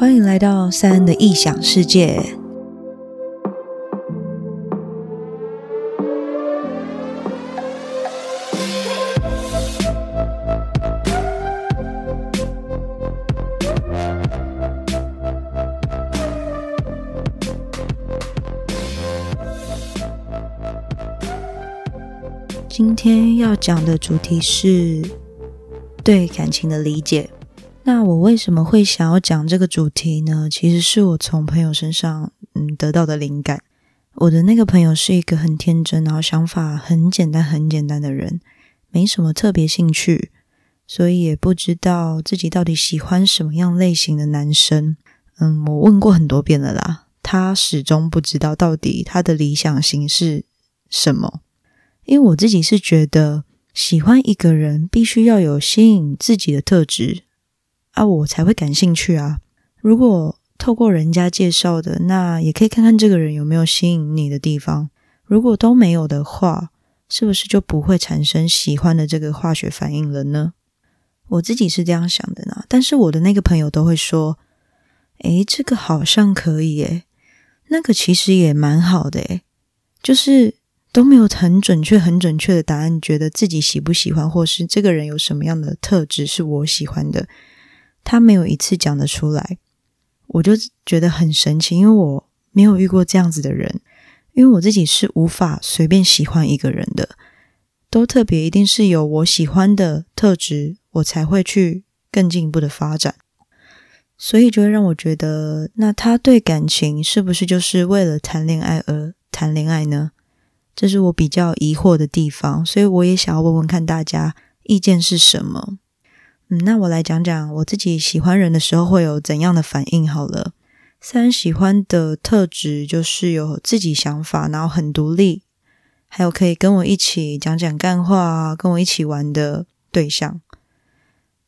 歡迎來到賽恩的異想世界。今天要講的主題是對感情的理解。那我為什麼會想要講這個主題呢？其實是我從朋友身上嗯得到的靈感。我的那個朋友是一個很天真，然後想法很簡單、很簡單的人，沒什麼特別興趣，所以也不知道自己到底喜歡什麼樣類型的男生。嗯，我問過很多遍了啦，他始終不知道到底他的理想型是什麼。因為我自己是覺得喜歡一個人必須要有吸引自己的特質。啊，我才會感興趣啊！如果透過人家介紹的，那也可以看看這個人有沒有吸引你的地方。如果都沒有的話，是不是就不會產生喜歡的這個化學反應了呢？我自己是這樣想的呢。但是我的那個朋友都會說：“誒，這個好像可以，誒，那個其實也蠻好的，誒，就是都沒有很準確、很準確的答案，覺得自己喜不喜歡，或是這個人有什麼樣的特質是我喜歡的。”他沒有一次講得出來，我就覺得很神奇，因為我沒有遇過這樣子的人，因為我自己是無法隨便喜歡一個人的，都特別一定是有我喜歡的特質，我才會去更進一步的發展，所以就會讓我覺得，那他對感情是不是就是為了談戀愛而談戀愛呢？這是我比較疑惑的地方，所以我也想要問問看大家意見是什麼。嗯，那我來講講我自己喜歡人的時候會有怎樣的反應好了。三喜歡的特質就是有自己想法，然後很獨立，還有可以跟我一起講講幹話、跟我一起玩的對象。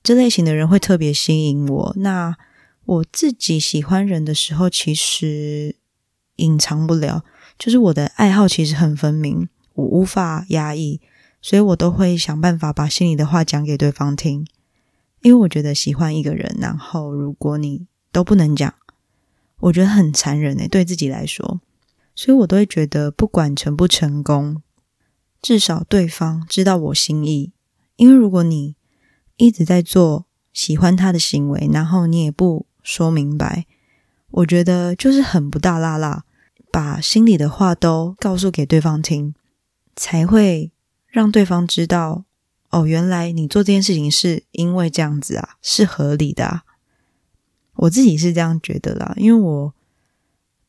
這類型的人會特別吸引我。那我自己喜歡人的時候，其實隱藏不了，就是我的愛好其實很分明，我無法壓抑，所以我都會想辦法把心裡的話講給對方聽。因為我覺得喜歡一個人，然後如果你都不能講，我覺得很殘忍誒，對自己來說，所以我都會覺得不管成不成功，至少對方知道我心意。因為如果你一直在做喜歡他的行為，然後你也不說明白，我覺得就是很不大剌剌，把心裡的話都告訴給對方聽，才會讓對方知道。哦，原來你做這件事情是因為這樣子啊，是合理的啊。我自己是這樣覺得啦，因為我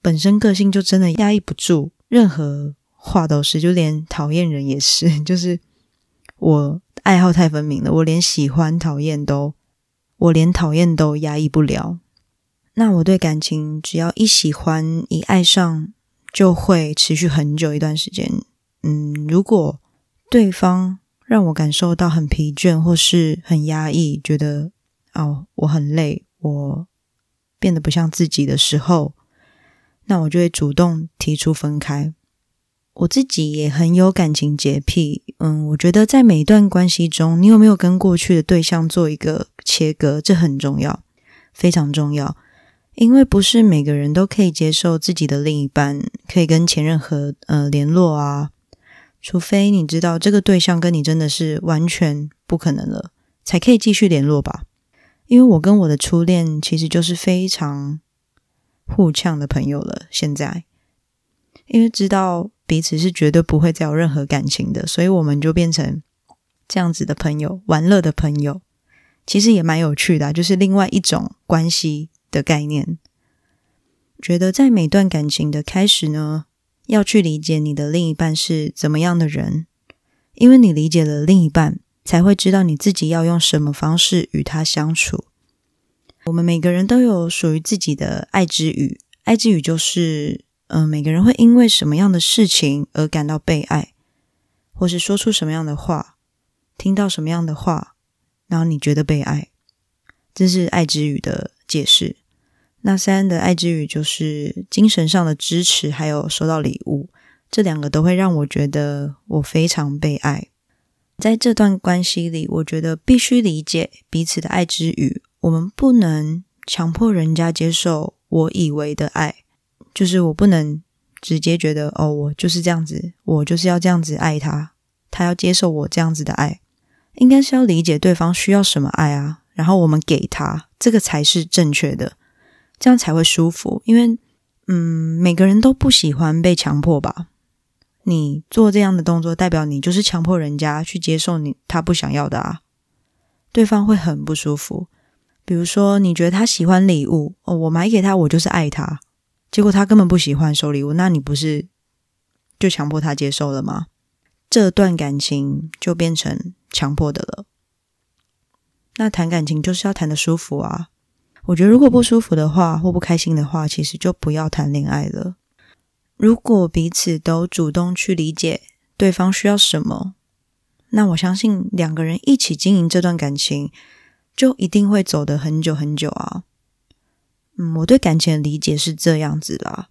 本身個性就真的壓抑不住，任何話都是，就連討厭人也是，就是我愛好太分明了，我連喜歡、討厭都，我連討厭都壓抑不了。那我對感情，只要一喜歡、一愛上，就會持續很久一段時間。嗯，如果對方。讓我感受到很疲倦，或是很壓抑，覺得啊、哦、我很累，我變得不像自己的時候，那我就會主動提出分開。我自己也很有感情潔癖，嗯，我覺得在每一段關係中，你有沒有跟過去的對象做一個切割，這很重要，非常重要，因為不是每個人都可以接受自己的另一半可以跟前任和，呃，聯絡啊，除非你知道這個對象跟你真的是完全不可能了，才可以繼續聯絡吧。因為我跟我的初戀其實就是非常互嗆的朋友了。現在因為知道彼此是絕對不會再有任何感情的，所以我們就變成這樣子的朋友，玩樂的朋友，其實也蠻有趣的啊，就是另外一種關係的概念。覺得在每段感情的開始呢。要去理解你的另一半是怎麼樣的人，因為你理解了另一半，才會知道你自己要用什麼方式與他相處。我們每個人都有屬於自己的愛之語，愛之語就是，嗯、呃，每個人會因為什麼樣的事情而感到被愛，或是說出什麼樣的話，聽到什麼樣的話，然後你覺得被愛。這是愛之語的解釋。那賽恩的愛之語就是精神上的支持，還有收到禮物，這兩個都會讓我覺得我非常被愛。在這段關係裡，我覺得必須理解彼此的愛之語，我們不能強迫人家接受我以為的愛，就是我不能直接覺得哦，我就是這樣子，我就是要這樣子愛他，他要接受我這樣子的愛，應該是要理解對方需要什麼愛啊，然後我們給他，這個才是正確的。這樣才會舒服，因為，嗯，每個人都不喜歡被強迫吧？你做這樣的動作，代表你就是強迫人家去接受你他不想要的啊，對方會很不舒服。比如說，你覺得他喜歡禮物哦，我買給他，我就是愛他，結果他根本不喜歡收禮物，那你不是就強迫他接受了嗎？這段感情就變成強迫的了。那談感情就是要談得舒服啊。我覺得如果不舒服的話，或不開心的話，其實就不要談戀愛了。如果彼此都主動去理解對方需要什麼，那我相信兩個人一起經營這段感情，就一定會走得很久很久啊。嗯，我對感情的理解是這樣子啦。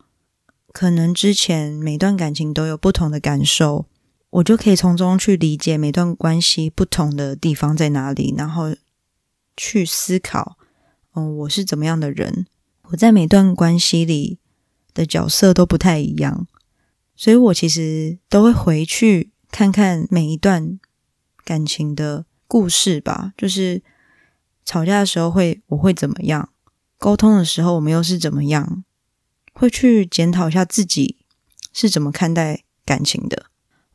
可能之前每段感情都有不同的感受，我就可以從中去理解每段關係不同的地方在哪裡，然後去思考。嗯、哦，我是怎麼樣的人？我在每段關係裡的角色都不太一樣，所以我其實都會回去看看每一段感情的故事吧。就是吵架的時候會我會怎麼樣，溝通的時候我們又是怎麼樣，會去檢討一下自己是怎麼看待感情的。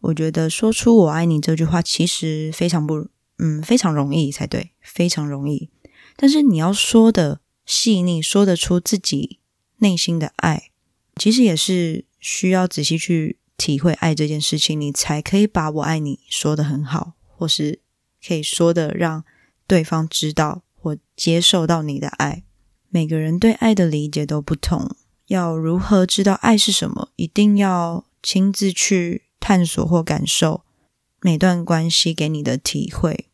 我覺得說出“我愛你”這句話其實非常不，嗯，非常容易才對，非常容易。但是你要說的細膩，說得出自己內心的愛，其實也是需要仔細去體會愛這件事情，你才可以把我愛你說得很好，或是可以說的讓對方知道或接受到你的愛。每個人對愛的理解都不同，要如何知道愛是什麼？一定要親自去探索或感受每段關係給你的體會。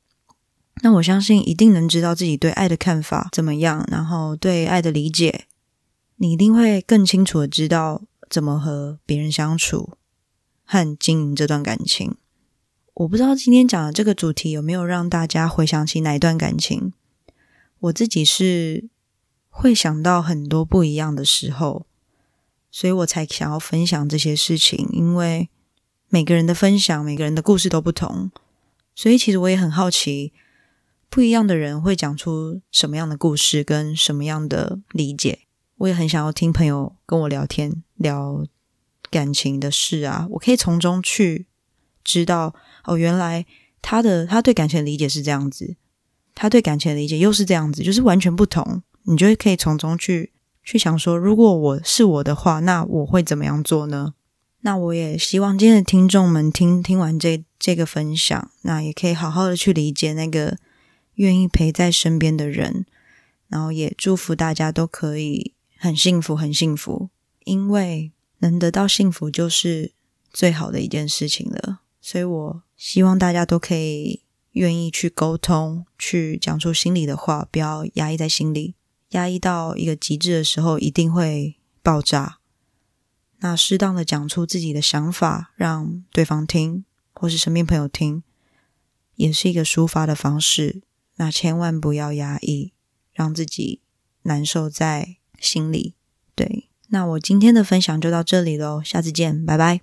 那我相信一定能知道自己對愛的看法怎麼樣，然後對愛的理解，你一定會更清楚的知道怎麼和別人相處和經營這段感情。我不知道今天講的這個主題有沒有讓大家回想起哪一段感情？我自己是會想到很多不一樣的時候，所以我才想要分享這些事情，因為每個人的分享、每個人的故事都不同，所以其實我也很好奇。不一樣的人會講出什麼樣的故事，跟什麼樣的理解？我也很想要聽朋友跟我聊天，聊感情的事啊，我可以從中去知道哦，原來他的他對感情的理解是這樣子，他對感情的理解又是這樣子，就是完全不同。你就可以從中去去想說，如果我是我的話，那我會怎麼樣做呢？那我也希望今天的聽眾們聽聽完這這個分享，那也可以好好的去理解那個。願意陪在身邊的人，然後也祝福大家都可以很幸福，很幸福。因為能得到幸福就是最好的一件事情了，所以我希望大家都可以願意去溝通，去講出心裡的話，不要壓抑在心裡，壓抑到一個極致的時候一定會爆炸。那適當的講出自己的想法，讓對方聽，或是身邊朋友聽，也是一個抒發的方式。那千萬不要壓抑，讓自己難受在心裡。對，那我今天的分享就到這裡嘍，下次見，拜拜。